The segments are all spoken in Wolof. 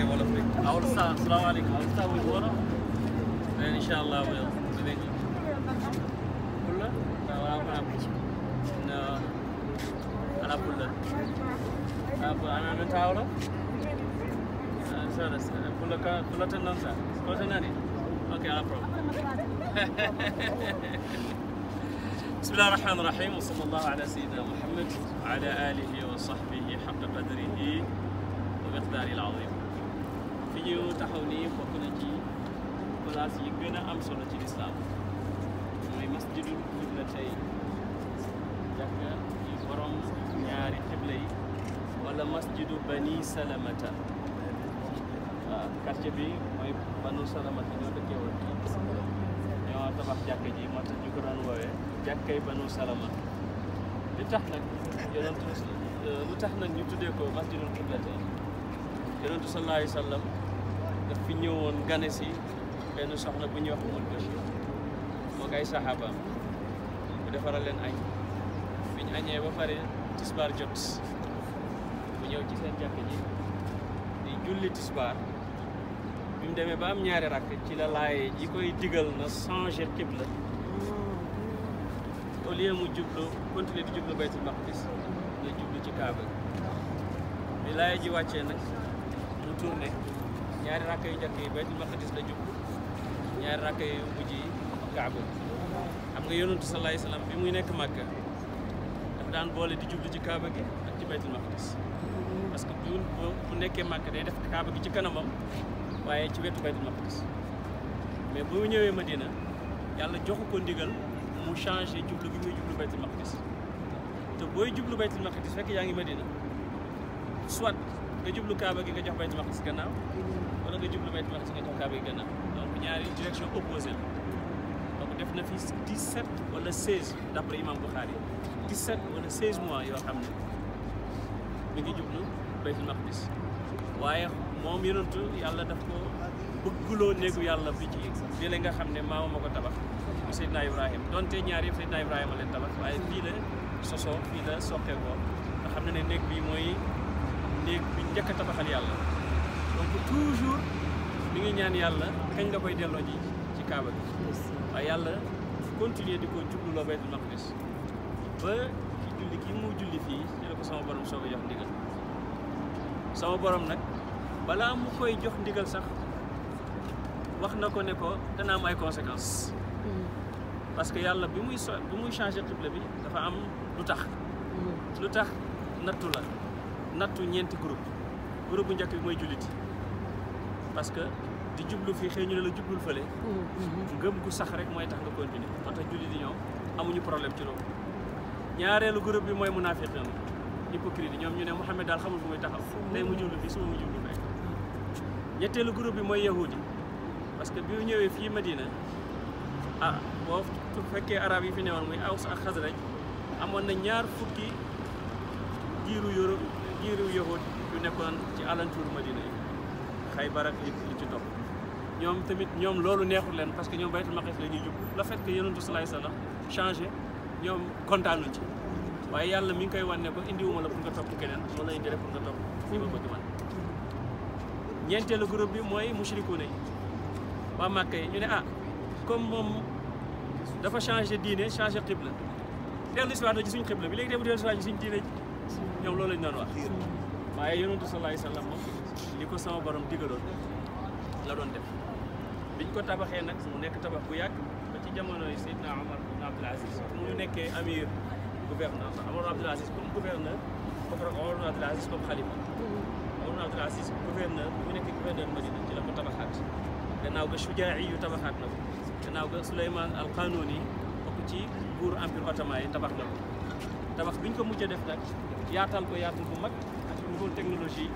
okay, wonderful. أول ساعة السلام عليكم. أول ساعة ويبونا. Then إن شاء الله we'll be back. كله؟ لا أنا أبغى إن أنا كله. أبغى أنا أنا تعاوله. سارس كله كله تنام سار. كله تناني. Okay, no problem. بسم الله الرحمن الرحيم وصلى الله على سيدنا محمد وعلى آله وصحبه حق قدره ومقداره العظيم fi ñu taxaw nii bokk ci place yi gën a am solo ci lislaam mooy masjidul qiblatay jàkka yi borom ñaari xibla wala masjidu bani salamata waaw bi mooy banu salamata ñoo dëkkee woon ñoo tabax jàkka ji moo tax ñu ko daan woowee jàkkay banu salamata lu tax nag yonentu lu tax nag ñu tuddee ko masjidul qiblatay daf fi ñëwoon gane si soxla bu ñuy wax Umul Bachir moo ay saxaabaam bu defaral leen añ bi añee ba pare tisbaar jot bu ñëw ci seen jàkk di julli tisbaar bi mu demee ba am ñaari rakk ci la laaye ji koy digal na changer qibla au lieu mu jublu continuer di jublu baytul maqdis na jublu ci kaaba bi laaye ji wàccee nag mu tourné ñaari rakk yu njëkk yi baytul maqdis la jublu ñaari rakk yu mujj yi kaaba xam nga yonantu salaay salaam bi muy nekk màkka dafa daan boole di jublu ci kaaba gi ak ci baytul maqdis parce que bu bu nekkee màkka day def kaaba gi ci kanamam waaye ci wetu baytul maqdis mais bu ñëwee Madina yàlla joxu ko ndigal mu changé jublu gi muy jublu baytul maqdis te booy jublu baytul maqdis fekk yaa ngi Madina soit nga jublu kaaba gi nga jox baytul maqdis gannaaw wala nga jublu baytul maqdis nga jox kaaba gi gannaaw donc ñaari direction opposée la donc def na fi 17 wala 16 d'après imam Bukhari 17 wala 16 mois yoo xam ne mi ngi jublu baytul maqdis waaye moom yonentu yàlla daf ko bëgguloo néegu yàlla bi ci bi la nga xam ne maama ma ko tabax mu Seydina Ibrahima donte ñaar yëpp Seydina Ibrahima leen tabax waaye fii la sosoo fii la soqeekoo nga xam ne néeg bi mooy néeg bi njëkk a tabaxal yàlla donc toujours mi ngi ñaan yàlla kañ la koy delloo ji ci kaaba bi waaye yàlla continuer di ko jubluloo baytul maqdis ba ci julli gi mu julli fii ci la ko sama borom soo ko jox ndigal sama borom nag balaa mu koy jox ndigal sax wax na ko ne ko dana am ay conséquences parce que yàlla bi muy so bi muy changé xibla bi dafa am lu tax mm-hmm. lu tax nattu la nattu ñeenti groupe groupe bu njëkk bi mooy jullit parce que di jublu fii xëy ñu ne la jublul fële mm-hmm. ngëm gu sax rek mooy tax nga continuer moo tax jullit yi ñoom amuñu problème ci loolu ñaareelu groupe bi mooy munaafiq yi hypocrite ñoom ñu ne Muhammad daal xamul fu muy taxaw mm-hmm. tey mu jublu fii suba mu jublu fekk ñetteelu groupe bi mooy yahudi parce que bi mu ñëwee fii Madina ah boo fekkee arab yi fi newoon muy aws ak amoon na ñaar fukki giiru yahud yu nekkoon ci alentour Madina yi Xaybar ak li ci topp ñoom tamit ñoom loolu neexul leen parce que ñoom baytul maqdis la ñuy jub le fait que yonentu salaay salaam changé ñoom kontaanuñ ci waaye yàlla mi ngi koy wan ba ko indiwuma la pour nga topp keneen moo la indi rek pour nga topp fi ma bëgg ñeenteelu groupe bi mooy mushrikuuna yi waa Màkka yi ñu ne ah comme moom dafa changé diine changé xibla dellu si waat na ci suñ xibla bi léegi dee bu ñoom loolu lañ doon wax waaye yonentu sallallahu alayhi wasallam moom li ko sama borom digaloon la doon def biñ ko tabaxee nag mu nekk tabax bu yàgg ba ci jamono yi Seydina Omar ibn Abdul Aziz mu ñu nekkee amir gouverneur Omar Abdul Aziz comme gouverneur foofu rek Omar Abdul Aziz comme xalifa Omar Abdul Aziz gouverneur bu mu nekkee gouverneur Madina ci la ko tabaxaat gannaaw ga Shujaa'i yu tabaxaat na ko gannaaw ga Souleymane al Qanouni bokk ci buur empire ottoman yi tabax na ko tabax bi ñu ko mujj def nag yaatal ko yaatal bu mag ak nouvelle technologie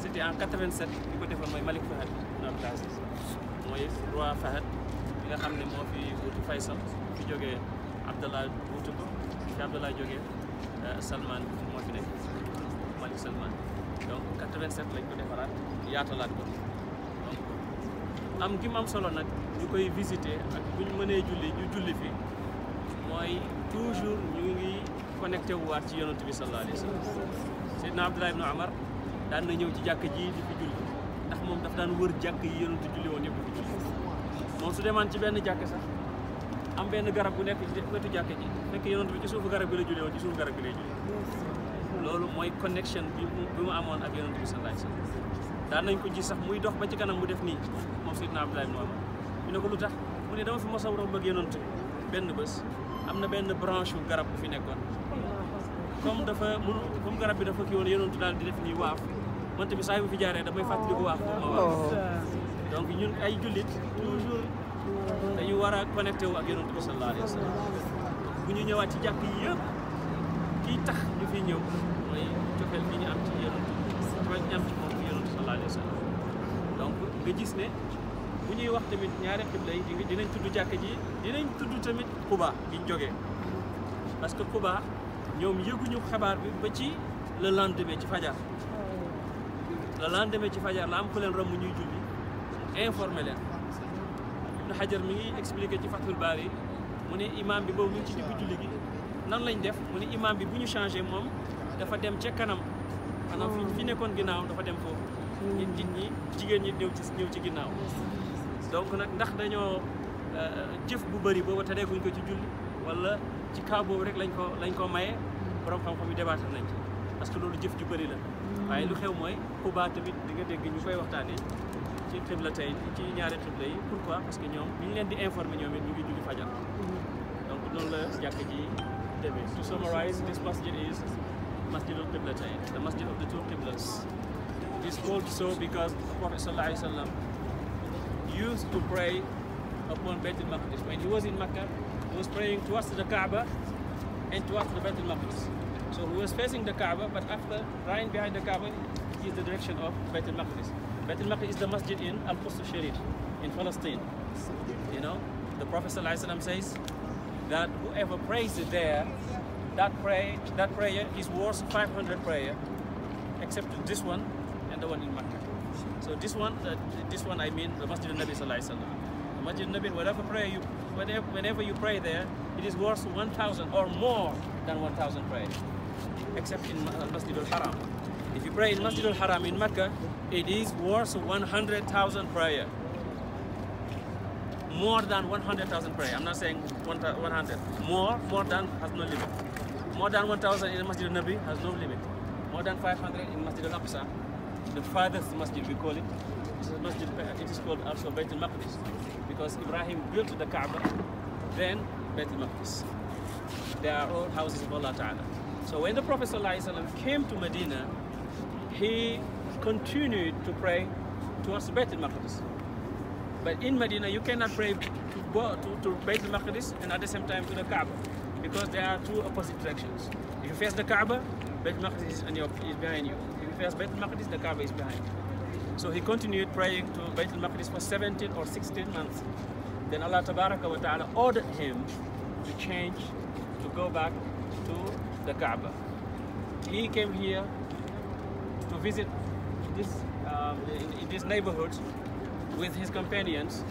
c' était en 87 bi ko defoon mooy Malick Fahad notre place mooy roi Fahad bi nga xam ne moo fi wutu Faysal fi jógee Abdallah wutu ko fi Abdallah jógee euh, Salman moo fi nekk Malick Salman donc 87 lañ ko defaraat yaatalaat ko donc am gi mu am solo nag ñu koy visiter ak bu mënee julli ñu julli fi mooy toujours ñu ngi. connecté wu waat ci yonent bi sallallahu alayhi wa sallam Seydina Abdullah daan na ñëw ci jàkk ji di ndax moom daf daan wër jàkk yi yonent julli woon yëpp di julli moom su demaan ci benn jàkk sax am benn garab bu nekk ci wetu jàkk ji fekk yonent bi ci suufu la julli woon ci loolu mooy connexion bi bi mu amoon ak yonent bi sallallahu daan nañ ko gis sax muy dox ba ci kanam mu def nii moom Seydina Abdullah ibn Omar ñu ne ko lu tax mu ne dama fi mos a wër ak yonent benn bës am na benn branche garab bu fi nekkoon comme dafa mënu comme garab bi dafa kii woon yonentu daal di def nii waaf man tamit saa bu fi jaaree damay fàttali ko waaf ma waaf oh. donc ñun ay jullit toujours dañu war a connecté wu ak yonentu bi sallallahu alayhi wa sallam bu ñu ñëwaat ci jàkk yi yëpp kii tax ñu fi ñëw mooy cofeel bi ñu am ci yonentu cofeel ñu am moom ci yonentu sallallahu alayhi wa sallam donc nga gis ne bu ñuy wax tamit ñaari xibla yi dinañ tudd jàkk ji dinañ tudd tamit Quba biñ jógee parce que Quba ñoom yëguñu xabaar bi ba ci le lendemain ci fajar le lendemain ci fajar la am ku leen romb ñuy julli informé leen Ibn Hajar mi ngi expliqué ci Fathul Bari mu ne imam bi boobu mu ngi ci diggu julli gi nan lañu def mu ne imam bi bu ñu changé moom dafa dem ca kanam maanaam fi fi nekkoon ginnaaw dafa dem foofu hmm. nit ñi jigéen ñi ñëw ci ñëw ci ginnaaw donc nag ndax dañoo euh, jëf bu bëri boobu te defuñ ko ci julli wala ci cas rek lañ ko lañ ko maye borom xam-xam yi débattre nañ ci parce que loolu jëf ju bëri la mm. waaye lu xew mooy Kuba tamit di nga dégg ñu fay waxtaanee ci xibla tey ci ñaari xibla yi pourquoi parce que ñoom ñu leen di informer ñoom it ñu ngi julli fajar mm-hmm. donc noonu la jàkk ji demee to summarize this masjid is masjid al qiblatayn the masjid of the two qiblas it is so because the Prophet sallallahu used to pray upon Bayt al-Maqdis. When he was in Mecca, he was praying towards the Kaaba and towards the Bayt al-Maqdis. So he was facing the Kaaba, but after right behind the Kaaba is the direction of Bayt al-Maqdis. Bayt al-Maqdis is the masjid in Al-Quds al-Sharif in Palestine. You know, the Prophet ﷺ says that whoever prays it there, that pray, that prayer is worth 500 prayer, except this one and the one in Mecca. So this one, uh, this one I mean the Masjid al-Nabi Sallallahu Alaihi Wasallam. Masjid al-Nabi, whenever, pray you, whenever, whenever you pray there, it is worth 1,000 or more than 1,000 prayers, except in Masjid al-Haram. If you pray in Masjid al-Haram in Mecca, it is worth 100,000 prayer. More than 100,000 prayer. I'm not saying 100. More, more than has no limit. More than 1,000 in Masjid al-Nabi has no limit. More than 500 in Masjid al-Aqsa the father's masjid, we call it. This is Masjid, it is called also Bayt al-Maqdis because Ibrahim built the Kaaba, then Bayt al-Maqdis. They are all houses of Allah Ta'ala. So when the Prophet ﷺ came to Medina, he continued to pray towards Bayt al-Maqdis. But in Medina, you cannot pray to, to, to Bayt al-Maqdis and at the same time to the Kaaba because there are two opposite directions. If you face the Kaaba, Bayt al-Maqdis is, on your, is behind you affairs, Baitul Maqdis, the Kaaba is behind. So he continued praying to Baitul Maqdis for 17 or 16 months. Then Allah Tabaraka wa Ta'ala ordered him to change, to go back to the Kaaba. He came here to visit this, um, in, in this neighborhood with his companions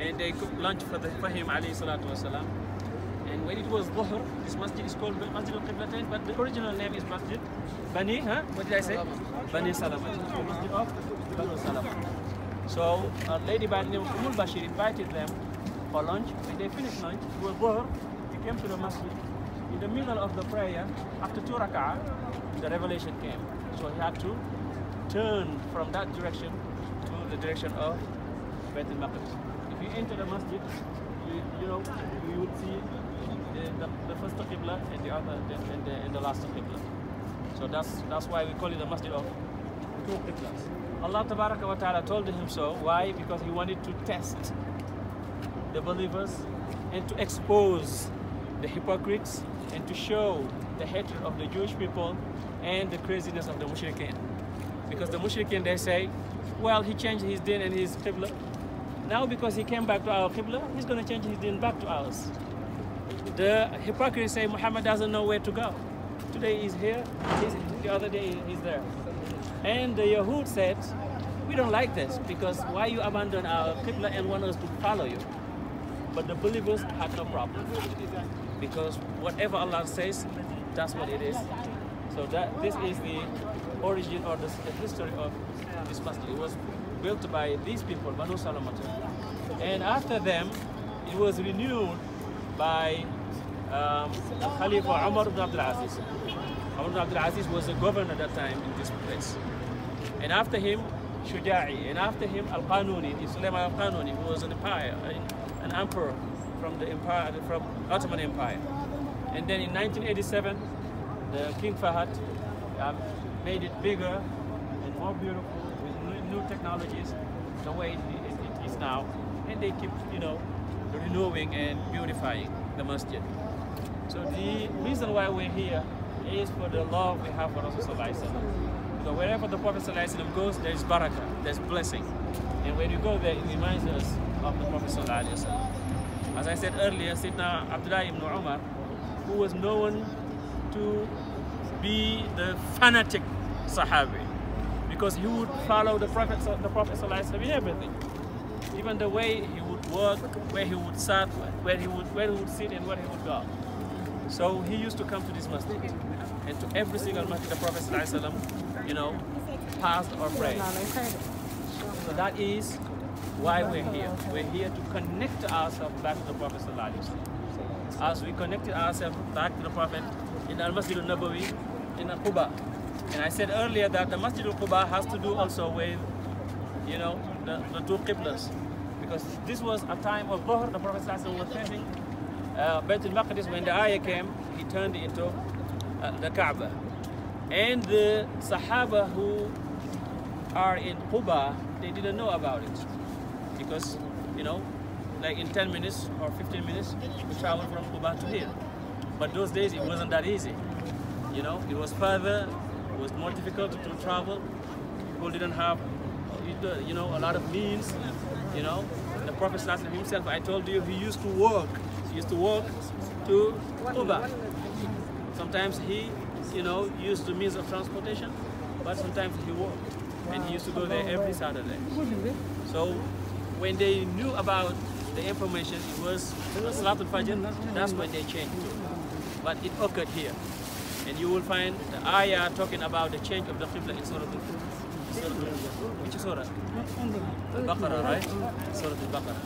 and they cooked lunch for, the, for him alayhi salatu wasalam. And when it was Dhuhr, this masjid is called Masjid al-Qiblatain, but the original name is Masjid Bani, huh? What did I say? Bani Salamat. Masjid of Bani Salamat. So a lady by the name of Umul Bashir invited them for lunch. When they finished lunch, it was Dhuhr, they came to the masjid. In the middle of the prayer, after two rak'ah, the revelation came. So he had to turn from that direction to the direction of Beit al-Maqdis. If you enter the masjid, you know, we would see the, eh, the, the first Qibla and the other, the, and, the, and the last Qibla. So that's, that's why we call it the Masjid of two Qiblas. Allah Tabaraka wa Ta'ala told him so. Why? Because he wanted to test the believers and to expose the hypocrites and to show the hatred of the Jewish people and the craziness of the mushrikeen. Because the mushrikeen, they say, well, he changed his din and his qibla Now, because he came back to our Qibla, he's going to change his deen back to ours. The hypocrites say Muhammad doesn't know where to go. Today he's here, he's, the other day he's there. And the Yahud said, we don't like this because why you abandon our Qibla and want us to follow you? But the believers had no problem because whatever Allah says, that's what it is. So that this is the origin or the, the history of this masjid. It was built by these people, Banu Salamata. And after them, it was renewed by um, Khalifa Umar ibn Abdul Aziz. Umar ibn Abdul Aziz was the governor at that time in this place. And after him, Shuja'i. And after him, Al-Qanuni, Sulaiman Al-Qanuni, who was an empire, an emperor from the empire, from Ottoman Empire. And then in 1987, the King Fahad um, made it bigger and more beautiful new technologies, the way it, it is now, and they keep, you know, renewing and beautifying the masjid. So the reason why we're here is for the love we have for Rasul Because wherever the Prophet goes, there is barakah, there's blessing. And when you go there, it reminds us of the Prophet As I said earlier, Sidna Abdullah ibn Umar, who was known to be the fanatic Sahabi, because he would follow the Prophet, the Prophet in everything. Even the way he would work, where he would sat, where he would, where he would sit and where he would go. So he used to come to this masjid. And to every single masjid the Prophet you know, passed or prayed. So that is why we're here. We're here to connect ourselves back to the Prophet As we connected ourselves back to the Prophet in Al-Masjid al-Nabawi, in Al-Quba, And I said earlier that the Masjid al-Quba has to do also with, you know, the, the two Qiblas. Because this was a time of Dhuhr, the Prophet was facing uh, Bayt al-Maqdis. When the ayah came, he turned it into uh, the Kaaba. And the Sahaba who are in Quba, they didn't know about it. Because, you know, like in 10 minutes or 15 minutes, we travel from Quba to here. But those days, it wasn't that easy. You know, it was further was more difficult to travel. People didn't have, you know, a lot of means, you know. The Prophet himself, I told you, he used to work. He used to work to Uber. Sometimes he, you know, used the means of transportation, but sometimes he worked. And he used to go there every Saturday. So when they knew about the information, it was Salatul Fajr, that's when they changed. But it occurred here. and you will find the ayah talking about the change of the Qibla in Surah Al-Baqarah. Which Surah? Al-Baqarah, right? Surah Al-Baqarah.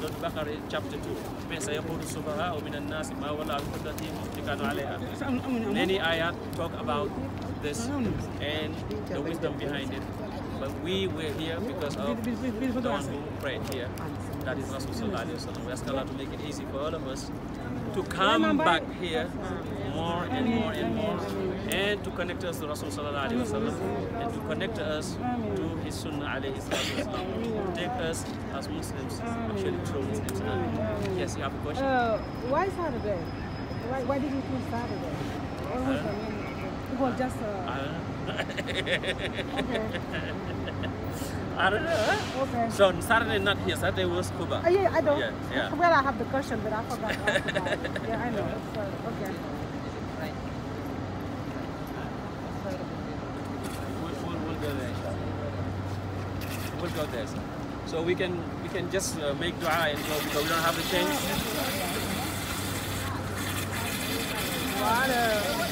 Surah Al-Baqarah, chapter 2. من سيقول السفهاء من الناس ما ولا قبلتهم كانوا عليها. Many ayat talk about this and the wisdom behind it. But we were here because of the one who prayed here. that is Rasulullah We ask Allah to make it easy for all of us to come back here more and more and more and to connect us to Rasulullah and to connect us to his Sunnah to take us as Muslims, actually true Muslims. Yes, you have a question? Uh, why Saturday? Why, why did you choose Saturday? Or was uh, I mean, it was just a... Uh... okay. I don't know. Okay. So on Saturday not here. Saturday was Cuba. Oh, yeah, I know. Yeah, yeah. Well, I have the question, but I forgot. I forgot. yeah, I know. So, okay. Right. We'll, we'll, we'll go there. We'll go there. So we can we can just uh, make dua and go because we don't have a change. Water.